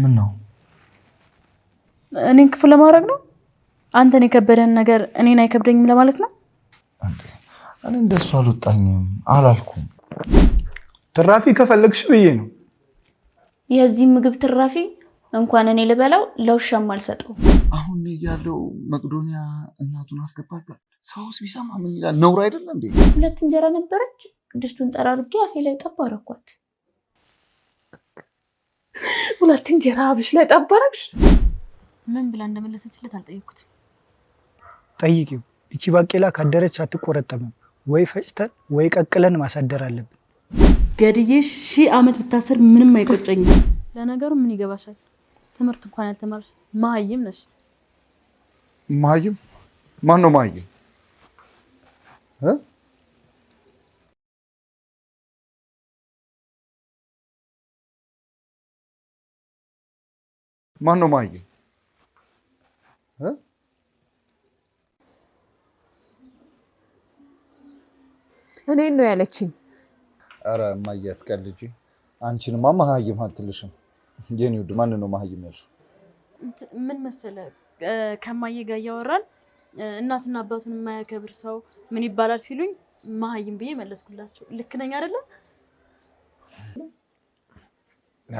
ምን ነው እኔን ክፉ ለማድረግ ነው? አንተን የከበደን ነገር እኔን አይከብደኝም ለማለት ነው? እኔ እንደሱ አልወጣኝም አላልኩም። ትራፊ ከፈለግሽ ብዬ ነው። የዚህ ምግብ ትራፊ እንኳን እኔ ልበላው ለውሻም አልሰጠው። አሁን ያለው መቅዶኒያ እናቱን አስገባች። ሰውስ ቢሰማ ምን ይላል? ነውር አይደለም እንዴ? ሁለት እንጀራ ነበረች። ድስቱን ጠራርጌ አፌ ላይ ጠብ ሁለት እንጀራ አብሽ ላይ ጠባረግሽ። ምን ብላ እንደመለሰችለት አልጠየኩትም። ጠይቂው። እቺ ባቄላ ካደረች አትቆረጠምም። ወይ ፈጭተን ወይ ቀቅለን ማሳደር አለብን። ገድዬሽ ሺህ ዓመት ብታሰር ምንም አይቆጨኝም። ለነገሩ ምን ይገባሻል? ትምህርት እንኳን ያልተማርሽ መሀይም ነሽ። መሀይም ማን ነው? መሀይም ማን ነው ማየ? እኔን ነው ያለችኝ። ኧረ እማዬ አትቀልጂ። አንቺንማ መሀይም አትልሽም። የኔ ውድ ማን ነው መሀይም ያልሽው? ምን መሰለ ከማየ ጋር እያወራን እናትና አባቱን የማያከብር ሰው ምን ይባላል ሲሉኝ መሀይም ብዬ መለስኩላቸው። ልክ ነኝ አይደለም?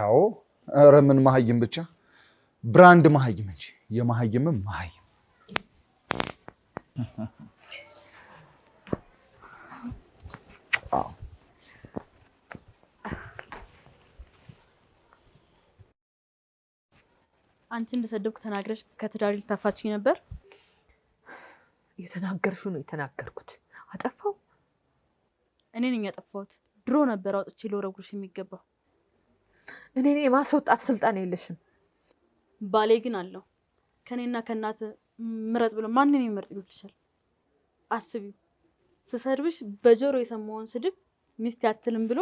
አዎ። ኧረ ምን መሀይም ብቻ ብራንድ መሀይመች የመሀይምም መሀይም አንቺ እንደሰደብኩ ተናግረሽ ከትዳሪ ልታፋችኝ ነበር። የተናገርሽው ነው የተናገርኩት። አጠፋው እኔ ነኝ ያጠፋሁት። ድሮ ነበር አውጥቼ ለወረጉሽ የሚገባው። እኔ የማስወጣት ስልጣን የለሽም። ባሌ ግን አለው። ከኔና ከእናት ምረጥ ብሎ ማንን የሚመርጥ ይመስልሻል? አስቢው። ስሰድብሽ በጆሮ የሰማውን ስድብ ሚስት ያትልም ብሎ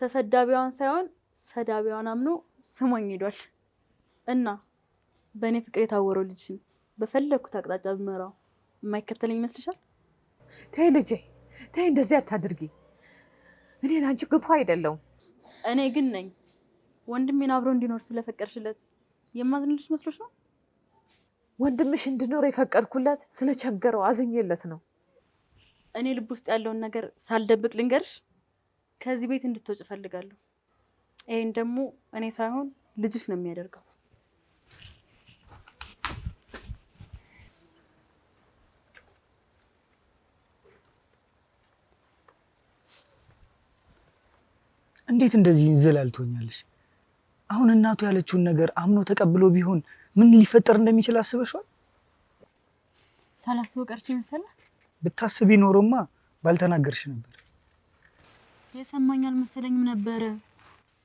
ተሰዳቢዋን ሳይሆን ሰዳቢዋን አምኖ ስሞኝ ሄዷል። እና በእኔ ፍቅር የታወረው ልጅን በፈለግኩት አቅጣጫ ብመራው የማይከተለኝ ይመስልሻል? ተይ ልጄ ተይ፣ እንደዚህ አታድርጊ። እኔ ለአንቺ ግፉ አይደለሁም። እኔ ግን ነኝ። ወንድሜን አብሮ እንዲኖር ስለፈቀድሽለት የማዝንልሽ መስሎች ነው? ወንድምሽ እንዲኖር የፈቀድኩለት ስለቸገረው አዝኜለት ነው። እኔ ልብ ውስጥ ያለውን ነገር ሳልደብቅ ልንገርሽ፣ ከዚህ ቤት እንድትወጭ እፈልጋለሁ። ይህን ደግሞ እኔ ሳይሆን ልጅሽ ነው የሚያደርገው። እንዴት እንደዚህ እንዝላል ትሆኛለሽ? አሁን እናቱ ያለችውን ነገር አምኖ ተቀብሎ ቢሆን ምን ሊፈጠር እንደሚችል አስበሽዋል? ሳላስበው ቀርቼ መሰለ። ብታስቢ ኖሮማ ባልተናገርሽ ነበር። የሰማኝ አልመሰለኝም ነበረ።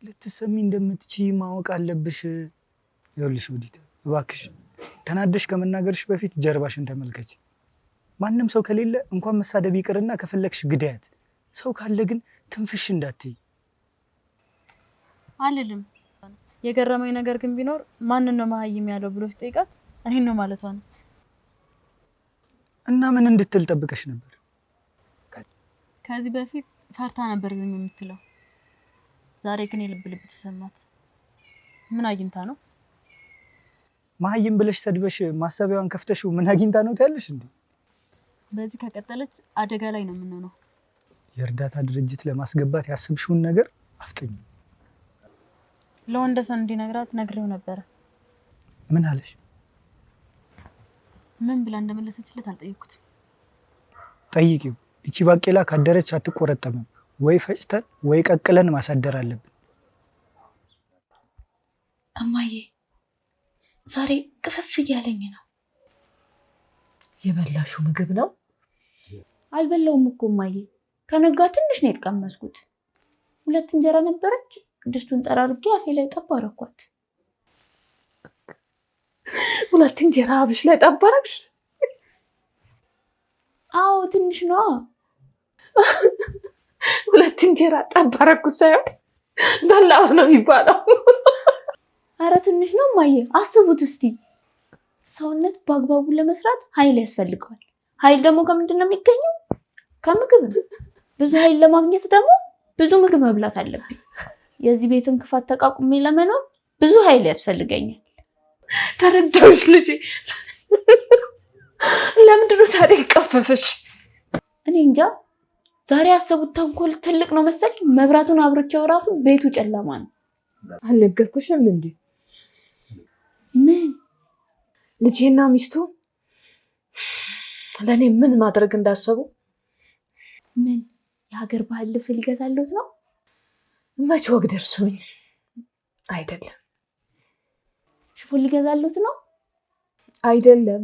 ልትሰሚ እንደምትችይ ማወቅ አለብሽ። ይኸውልሽ ወዲት፣ እባክሽ ተናደሽ ከመናገርሽ በፊት ጀርባሽን ተመልከች። ማንም ሰው ከሌለ እንኳን መሳደብ ይቅርና ከፈለግሽ ግዳያት፣ ሰው ካለ ግን ትንፍሽ እንዳትይ። አልልም የገረመኝ ነገር ግን ቢኖር ማንን ነው መሀይም ያለው ብሎ ሲጠይቃት እኔን ነው ማለቷ ነው። እና ምን እንድትል ጠብቀሽ ነበር? ከዚህ በፊት ፈርታ ነበር ዝም የምትለው። ዛሬ ግን የልብ ልብ ተሰማት። ምን አግኝታ ነው መሀይም ብለሽ ሰድበሽ ማሰቢያዋን ከፍተሽው ምን አግኝታ ነው ትያለሽ እንዴ? በዚህ ከቀጠለች አደጋ ላይ ነው የምንሆነው። የእርዳታ ድርጅት ለማስገባት ያስብሽውን ነገር አፍጥኝ። ለወንደሰን እንዲነግራት ነግሬው ነበረ። ምን አለሽ? ምን ብላ እንደመለሰችለት አልጠየኩትም። ጠይቂው። እቺ ባቄላ ካደረች አትቆረጠምም። ወይ ፈጭተን ወይ ቀቅለን ማሳደር አለብን። እማዬ ዛሬ ቅፍፍ እያለኝ ነው። የበላሹ ምግብ ነው? አልበላውም እኮ እማዬ፣ ከነጋ ትንሽ ነው የተቀመስኩት። ሁለት እንጀራ ነበረች ቅድስቱን ጠራርጌ አፌ ላይ ጠብ አደረኳት። ሁለት እንጀራ አብሽ ላይ ጠብ አደረግሽ? አዎ ትንሽ ነዋ። ሁለት እንጀራ ጠብ አደረኩት ሳይሆን በላሁት ነው የሚባለው። አረ ትንሽ ነው ማየ። አስቡት እስቲ ሰውነት በአግባቡ ለመስራት ኃይል ያስፈልገዋል። ኃይል ደግሞ ከምንድን ነው የሚገኘው? ከምግብ ነው። ብዙ ኃይል ለማግኘት ደግሞ ብዙ ምግብ መብላት አለብኝ። የዚህ ቤትን ክፋት ተቃቁሜ ለመኖር ብዙ ኃይል ያስፈልገኛል። ተረዳሁሽ ልጄ። ለምንድነው ታዲያ ይቀፈፈሽ? እኔ እንጃ። ዛሬ ያሰቡት ተንኮል ትልቅ ነው መሰል። መብራቱን አብርቼው ራሱ ቤቱ ጨለማ ነው። አልነገርኩሽም እንዴ? ምን ልጄና ሚስቱ ለእኔ ምን ማድረግ እንዳሰቡ ምን የሀገር ባህል ልብስ ሊገዛለት ነው? መች ወግ ደርሶኝ አይደለም። ሽፎን ሊገዛሉት ነው አይደለም።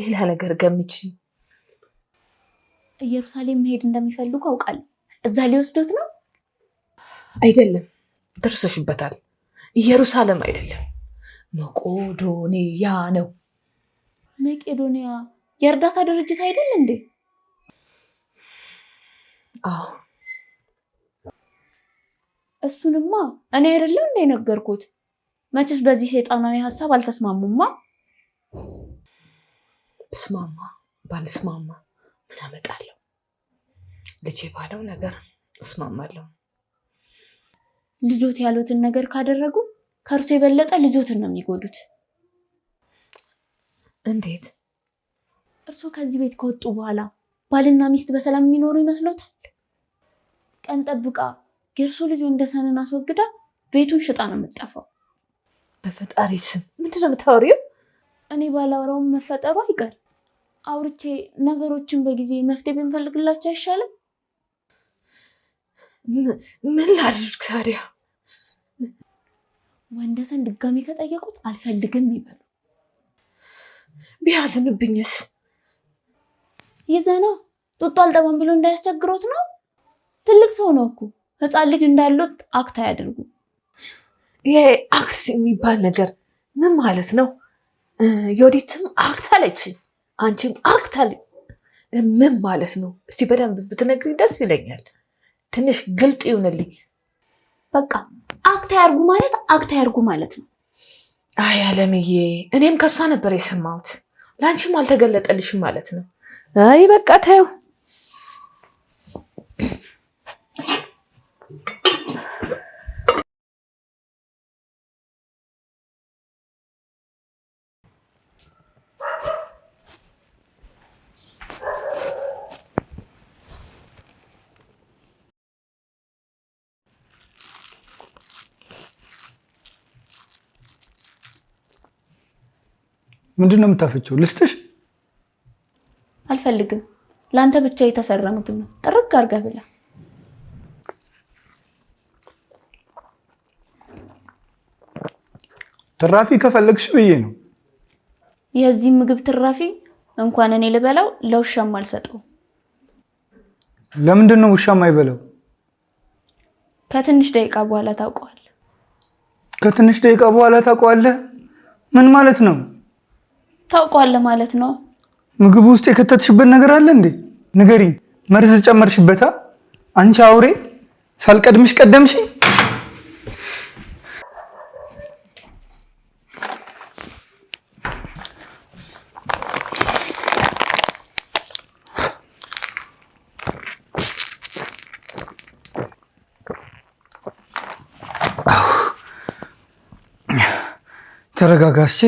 ሌላ ነገር ገምቺ። ኢየሩሳሌም መሄድ እንደሚፈልጉ አውቃለሁ። እዛ ሊወስዶት ነው አይደለም። ደርሰሽበታል። ኢየሩሳሌም አይደለም መቆዶኒያ ነው። መቄዶንያ የእርዳታ ድርጅት አይደል እንዴ? አዎ እሱንማ እኔ አይደለም የነገርኩት። መቼስ በዚህ ሰይጣናዊ ሀሳብ አልተስማሙማ። ብስማማ ባልስማማ ምን አመጣለሁ? ልጄ ባለው ነገር እስማማለሁ። ልጆት ያሉትን ነገር ካደረጉ ከእርሶ የበለጠ ልጆትን ነው የሚጎዱት። እንዴት? እርሶ ከዚህ ቤት ከወጡ በኋላ ባልና ሚስት በሰላም የሚኖሩ ይመስሎታል? ቀን ጠብቃ የእርሱ ልጅ ወንደሰንን አስወግዳ ቤቱን ሽጣ ነው የምጠፋው። በፈጣሪ ስም ምንድን ነው የምታወሪው? እኔ ባላወራውም መፈጠሩ አይቀር። አውርቼ ነገሮችን በጊዜ መፍትሄ ብንፈልግላቸው አይሻልም? ምን ላድርግ ታዲያ? ወንደሰን ድጋሚ ከጠየቁት አልፈልግም ይበሉ። ቢያዝንብኝስ? ነው ጡጦ አልጠባም ብሎ እንዳያስቸግሮት ነው። ትልቅ ሰው ነው እኮ ህፃን ልጅ እንዳሉት አክት አያደርጉ። ይሄ አክስ የሚባል ነገር ምን ማለት ነው? ዮዲትም አክት አለችኝ፣ አንቺም አክት አለ። ምን ማለት ነው? እስቲ በደንብ ብትነግሪኝ ደስ ይለኛል። ትንሽ ግልጥ ይሁንልኝ። በቃ አክት አያርጉ ማለት አክት አያርጉ ማለት ነው። አይ አለምዬ፣ እኔም ከእሷ ነበር የሰማሁት። ለአንቺም አልተገለጠልሽም ማለት ነው። አይ በቃ ተይው። ምንድን ነው የምታፈችው? ልስጥሽ? አልፈልግም። ለአንተ ብቻ የተሰራ ምግብ ነው። ጥርግ አድርገህ ብላ ትራፊ ከፈለግሽ ብዬ ነው። የዚህ ምግብ ትራፊ እንኳን እኔ ልበላው ለውሻም አልሰጠው። ለምንድን ነው ውሻ አይበላው? ከትንሽ ደቂቃ በኋላ ታውቀዋል። ከትንሽ ደቂቃ በኋላ ታውቀዋለህ? ምን ማለት ነው? ታውቀዋለህ ማለት ነው። ምግብ ውስጥ የከተትሽበት ነገር አለ እንዴ? ንገሪኝ። መርዝ ጨመርሽበታ? አንቺ አውሬ! ሳልቀድምሽ ቀደምሽ ተረጋጋ። እሺ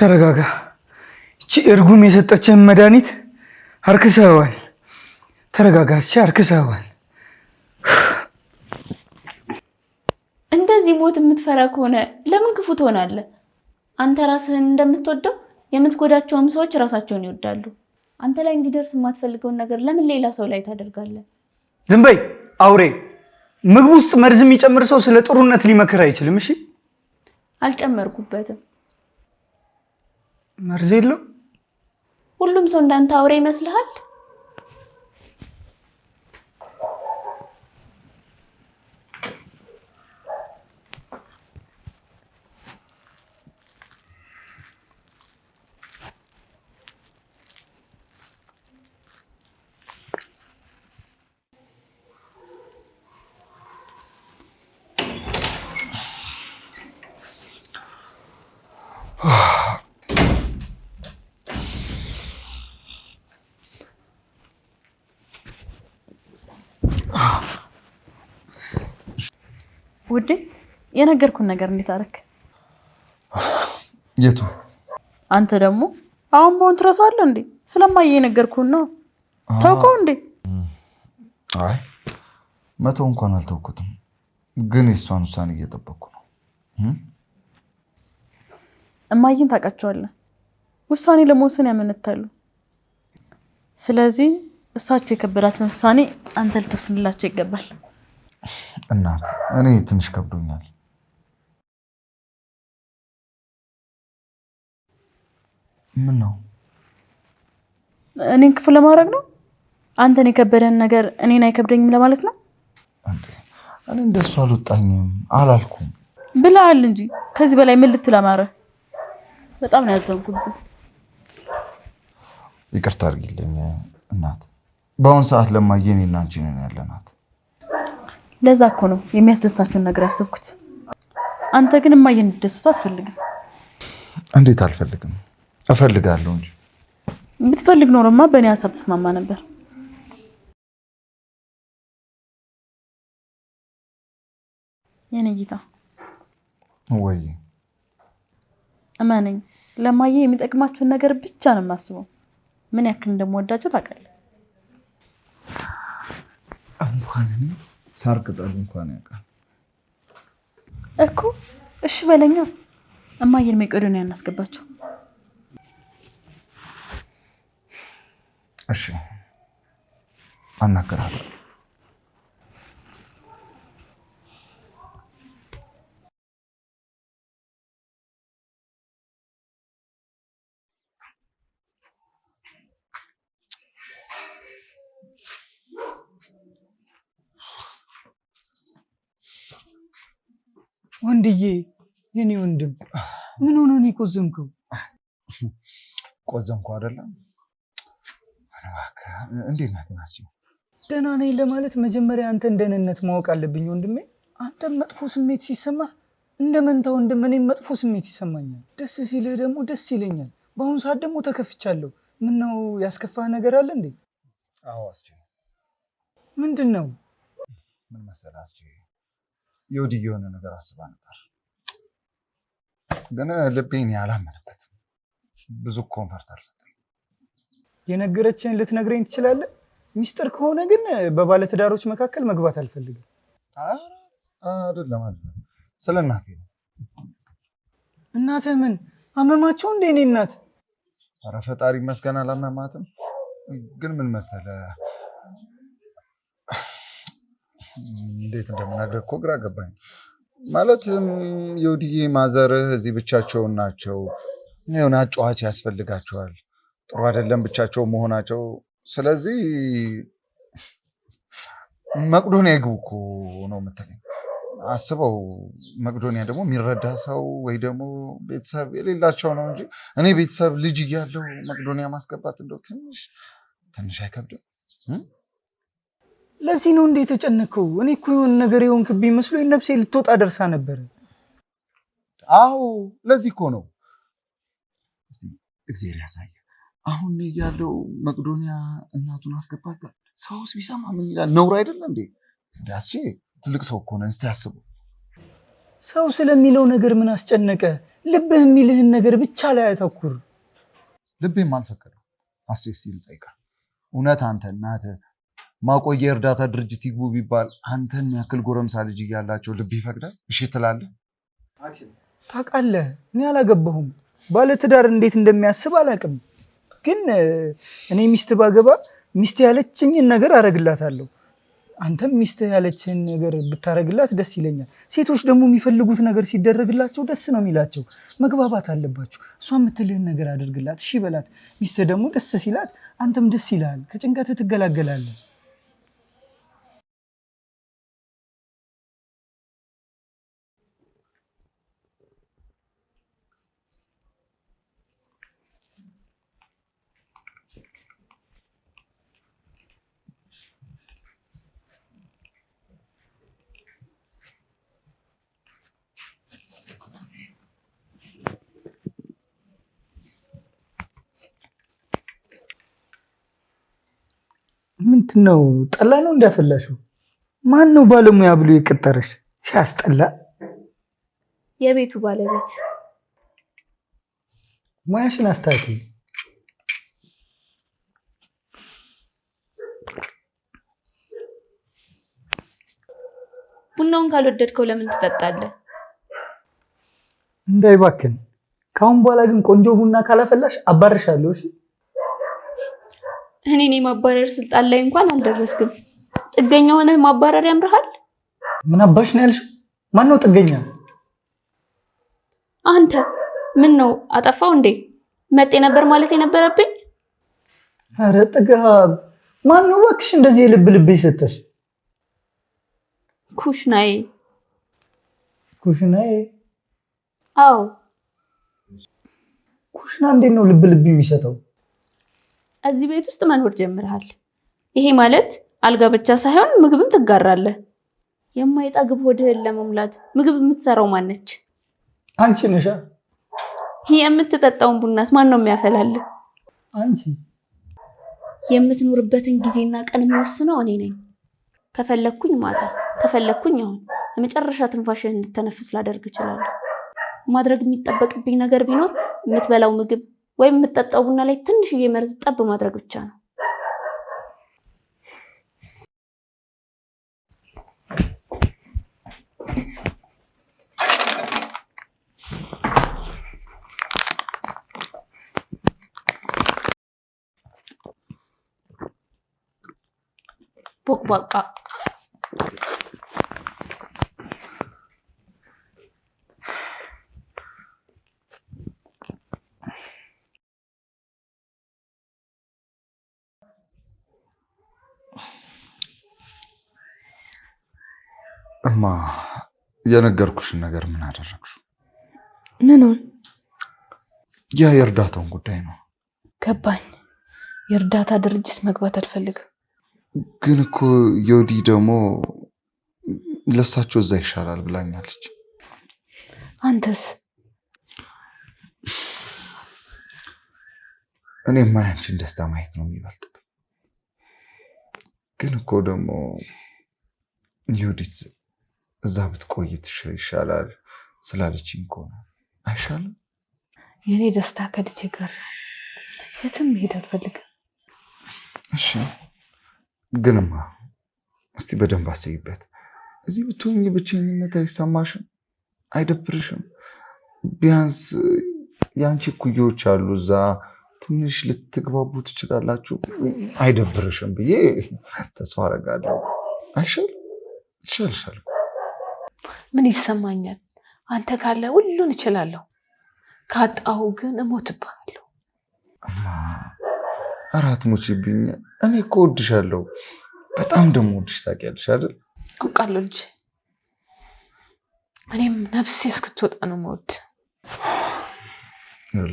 ተረጋጋ። እቺ እርጉም የሰጠችን መድኃኒት አርክሰዋል። ተረጋጋ። እሺ አርክሰዋል። እንደዚህ ሞት የምትፈራ ከሆነ ለምን ክፉ ትሆናለህ? አንተ ራስህን እንደምትወደው የምትጎዳቸውም ሰዎች ራሳቸውን ይወዳሉ። አንተ ላይ እንዲደርስ የማትፈልገውን ነገር ለምን ሌላ ሰው ላይ ታደርጋለህ? ዝም በይ አውሬ። ምግብ ውስጥ መርዝ የሚጨምር ሰው ስለ ጥሩነት ሊመክር አይችልም። እሺ አልጨመርኩበትም። መርዝ የለው። ሁሉም ሰው እንዳንተ አውሬ ይመስልሃል? ውዴ የነገርኩን ነገር እንዴት አደረክ? የቱ? አንተ ደግሞ አሁን በሆን ትረሳዋለህ እንዴ? ስለማየ የነገርኩን ነው። ተውከው እንዴ? አይ መተው እንኳን አልተውኩትም፣ ግን የእሷን ውሳኔ እየጠበቅኩ ነው። እማዬን ታውቃቸዋለህ፣ ውሳኔ ለመወሰን ያመነታሉ። ስለዚህ እሳቸው የከበዳቸውን ውሳኔ አንተ ልትወስንላቸው ይገባል። እናት እኔ ትንሽ ከብዶኛል። ምን ነው እኔን ክፉ ለማድረግ ነው? አንተን የከበደን ነገር እኔን አይከብደኝም ለማለት ነው? እኔ እንደሱ አልወጣኝም አላልኩም ብለሃል እንጂ ከዚህ በላይ ምን ልትል በጣም ነው ያዘንኩብህ። ይቅርታ አድርጊልኝ እናት። በአሁኑ ሰዓት ለማየን እናንቺ ያለናት ለዛ እኮ ነው የሚያስደስታቸውን ነገር ያሰብኩት። አንተ ግን እማዬ እንድትደስቱ አትፈልግም። እንዴት አልፈልግም? እፈልጋለሁ እንጂ። ብትፈልግ ኖሮማ በእኔ ሀሳብ ተስማማ ነበር። የኔ ጌታ ወይ እመነኝ፣ ለማየ የሚጠቅማቸውን ነገር ብቻ ነው የማስበው። ምን ያክል እንደምወዳቸው ታውቃለህ። ሳር ቅጠል እንኳን ያውቃል እኮ። እሺ በለኛ እማየን መቄዶንያ እናስገባቸው። እሺ አናገራታለሁ። ወንድዬ የኔ ወንድም ምን ሆነ ነው የቆዘምከው? ቆዘምኩ አይደለም። እንዴት ናት ናስቸው? ደህና ነኝ ለማለት መጀመሪያ አንተን ደህንነት ማወቅ አለብኝ ወንድሜ። አንተም መጥፎ ስሜት ሲሰማ እንደ መንታ ወንድም እኔም መጥፎ ስሜት ይሰማኛል። ደስ ሲልህ ደግሞ ደስ ይለኛል። በአሁኑ ሰዓት ደግሞ ተከፍቻለሁ። ምን ነው ያስከፋ ነገር አለ እንዴ? አዎ አስቼ፣ ምንድን ነው ምን መሰለህ አስቼ የወድ የሆነ ነገር አስባ ነበር፣ ግን ልቤን ያላመንበትም ብዙ ኮንፈርት አልሰጠኝ። የነገረችን ልትነግረኝ ትችላለህ? ሚስጥር ከሆነ ግን በባለትዳሮች መካከል መግባት አልፈልግም። አይደለም አይደለም፣ ስለ እናቴ ነው። ምን አመማቸው እንደ እኔ እናት? ኧረ ፈጣሪ ይመስገን አላመማትም። ግን ምን መሰለህ እንዴት እንደምናገር እኮ ግራ ገባኝ። ማለት የውድዬ ማዘርህ እዚህ ብቻቸውን ናቸው። የሆነ አጫዋች ያስፈልጋቸዋል። ጥሩ አይደለም ብቻቸው መሆናቸው። ስለዚህ መቅዶኒያ ግቡ እኮ ነው የምትለኝ። አስበው መቅዶኒያ ደግሞ የሚረዳ ሰው ወይ ደግሞ ቤተሰብ የሌላቸው ነው እንጂ እኔ ቤተሰብ ልጅ እያለው መቅዶኒያ ማስገባት እንደው ትንሽ ትንሽ አይከብድም? ለዚህ ነው እንዴ የተጨነከው? እኔ እኮ የሆነ ነገር የሆንክብኝ መስሎኝ ነፍሴ ልትወጣ ደርሳ ነበር። አዎ ለዚህ እኮ ነው። እስቲ እግዚአብሔር ያሳየ። አሁን ያለው መቅዶኒያ እናቱን አስገባችኋል። ሰውስ ቢሰማ ምን ይላል? ነውር አይደለም እንዴ? ዳስ ትልቅ ሰው እኮ ነው። እስቲ አስቡ። ሰው ስለሚለው ነገር ምን አስጨነቀ? ልብህ የሚልህን ነገር ብቻ ላይ አተኩር። ልብህም አልፈቀደም። አስቼ ሲል ጠይቃል። እውነት አንተ እናትህ ማቆየ እርዳታ ድርጅት ይግቡ ቢባል አንተን ያክል ጎረምሳ ልጅ እያላቸው ልብ ይፈቅዳል? እሺ ትላለህ? ታውቃለህ፣ እኔ አላገባሁም። ባለትዳር እንዴት እንደሚያስብ አላውቅም። ግን እኔ ሚስት ባገባ ሚስት ያለችኝን ነገር አለው። አንተም ሚስት ያለችን ነገር ብታረግላት ደስ ይለኛል። ሴቶች ደግሞ የሚፈልጉት ነገር ሲደረግላቸው ደስ ነው የሚላቸው። መግባባት አለባችሁ። እሷ የምትልህን ነገር አድርግላት፣ እሺ በላት። ሚስት ደግሞ ደስ ሲላት፣ አንተም ደስ ይልሃል። ከጭንቀት ትገላገላለህ። ምንድን ነው? ጠላ ነው እንዳፈላሽው? ማን ነው ባለሙያ ብሎ የቀጠረሽ? ሲያስጠላ። የቤቱ ባለቤት። ሙያሽን አስተካክይ። ቡናውን ካልወደድከው ለምን ትጠጣለህ? እንዳይባክን። ከአሁን በኋላ ግን ቆንጆ ቡና ካላፈላሽ አባርሻለሁ። እሺ እኔን የማባረር ስልጣን ላይ እንኳን አልደረስክም። ጥገኛ ሆነ ማባረር ያምርሃል? ምን አባሽ ነው ያልሽ? ማን ነው ጥገኛ? አንተ ምን ነው አጠፋው እንዴ? መጤ ነበር ማለት የነበረብኝ? አረ ጥጋብ፣ ማን ነው እባክሽ እንደዚህ የልብ ልብ የሰጠሽ? ኩሽናዬ ኩሽናዬ። አዎ ኩሽና እንዴት ነው ልብ ልብ የሚሰጠው? እዚህ ቤት ውስጥ መኖር ጀምረሃል። ይሄ ማለት አልጋ ብቻ ሳይሆን ምግብም ትጋራለህ። የማይጠግብ ሆድህን ለመሙላት ምግብ የምትሰራው ማነች? አንቺ ነሻ። የምትጠጣውን ቡናስ ማን ነው የሚያፈላልህ? አንቺ። የምትኖርበትን ጊዜና ቀን የሚወስነው እኔ ነኝ። ከፈለግኩኝ ማታ፣ ከፈለግኩኝ አሁን የመጨረሻ ትንፋሽህ እንድተነፍስ ላደርግ እችላለሁ። ማድረግ የሚጠበቅብኝ ነገር ቢኖር የምትበላው ምግብ ወይም የምጠጣው ቡና ላይ ትንሽዬ መርዝ ጠብ ማድረግ ብቻ ነው። ቦቅቧቃ የነገርኩሽን ነገር ምን አደረግሽው? ምኑን? ያ የእርዳታውን ጉዳይ ነው። ገባኝ። የእርዳታ ድርጅት መግባት አልፈልግም። ግን እኮ ዮዲ ደግሞ ለሳቸው እዛ ይሻላል ብላኛለች። አንተስ? እኔ ያንቺን ደስታ ማየት ነው የሚበልጥብኝ። ግን እኮ ደግሞ ዮዲት እዛ ብትቆይ ይሻላል ስላለችኝ እኮ ነው። አይሻልም? የኔ ደስታ ከልጄ ጋር የትም መሄድ አልፈልግም። እሺ፣ ግንማ እስቲ በደንብ አስይበት። እዚህ ብትሆኝ ብቸኝነት አይሰማሽም? አይደብርሽም? ቢያንስ የአንቺ ኩዮች አሉ እዛ ትንሽ ልትግባቡ ትችላላችሁ። አይደብርሽም ብዬ ተስፋ አደርጋለሁ። አይሻል ይሻልሻል ምን ይሰማኛል? አንተ ካለ ሁሉን እችላለሁ፣ ካጣሁ ግን እሞትብሃለሁ። ኧረ አትሞችብኝ፣ እኔ እኮ እወድሻለሁ። በጣም ደግሞ እወድሽ ታውቂያለሽ አይደል? አውቃለሁ ልጅ፣ እኔም ነፍሴ እስክትወጣ ነው መወድ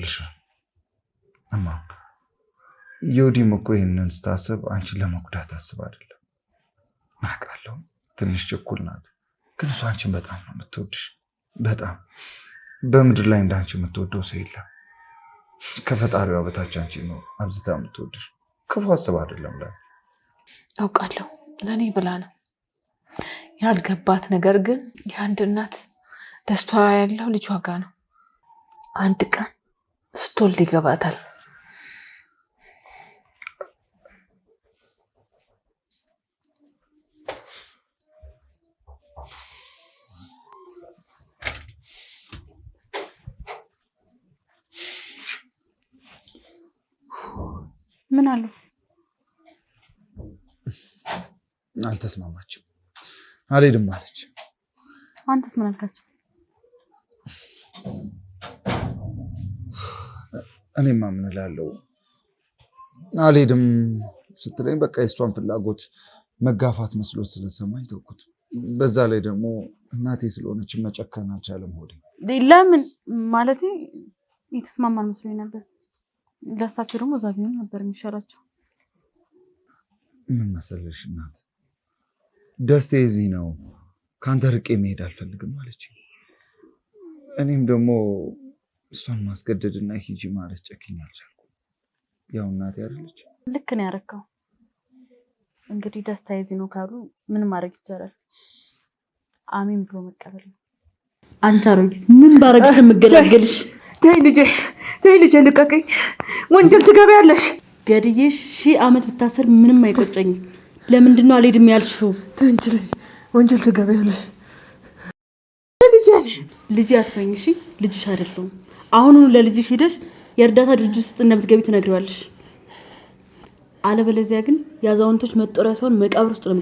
ልሽ እማ የወዲህም እኮ ይህንን ስታስብ አንቺን ለመጉዳት አስብ አይደለም። አውቃለሁ ትንሽ ችኩል ናት። ግን እሷ አንቺን በጣም ነው የምትወድሽ። በጣም በምድር ላይ እንዳንቺ የምትወደው ሰው የለም። ከፈጣሪዋ በታች አንቺ ነው አብዝታ የምትወድሽ። ክፉ አስብ አይደለም ላ አውቃለሁ። ለእኔ ብላ ነው ያልገባት ነገር ግን የአንድ እናት ደስታዋ ያለው ልጅ ዋጋ ነው። አንድ ቀን ስትወልድ ይገባታል። ምን አለው? አልተስማማችም። አልሄድም አለች። አንተስ ምን አልካቸው? እኔማ ምን እላለሁ አልሄድም ስትለኝ በቃ የእሷን ፍላጎት መጋፋት መስሎት ስለሰማኝ ተውኩት። በዛ ላይ ደግሞ እናቴ ስለሆነች መጨከን አልቻለም ሆዴ። ለምን ማለቴ የተስማማን መስሎኝ ነበር። ደሳቸው ደግሞ እዛ ቢሆን ነበር የሚሻላቸው። ምን መሰለሽ እናት፣ ደስቴ እዚህ ነው ከአንተ ርቄ መሄድ አልፈልግም አለች። እኔም ደግሞ እሷን ማስገደድና ሂጂ ማለት ጨክኝ አልቻልኩ። ያው እናቴ አይደለች። ልክ ነው ያረካው። እንግዲህ ደስታ የዚህ ነው ካሉ ምን ማድረግ ይቻላል? አሜን ብሎ መቀበል ነው። አንቺ አሮጊት ምን ባረግሽ ነው የምገላገልሽ? ተይ ልጄ ተይ ልጄ ልቀቀኝ። ወንጀል ትገቢያለሽ። ገድዬ ሺህ ዓመት ብታሰር ምንም አይቆጨኝ ለምንድን ነው አልሄድም ያልሽው? ተይ ወንጀል ትገቢያለሽ። ልጄ አትበይኝ እሺ። ልጅሽ አይደለሁም። አሁኑኑ ለልጅሽ ሂደሽ የእርዳታ ድርጅት ውስጥ እንደምትገቢ ትነግሪዋለሽ። አለበለዚያ ግን የአዛውንቶች መጦሪያ ሳይሆን መቃብር ውስጥ ነው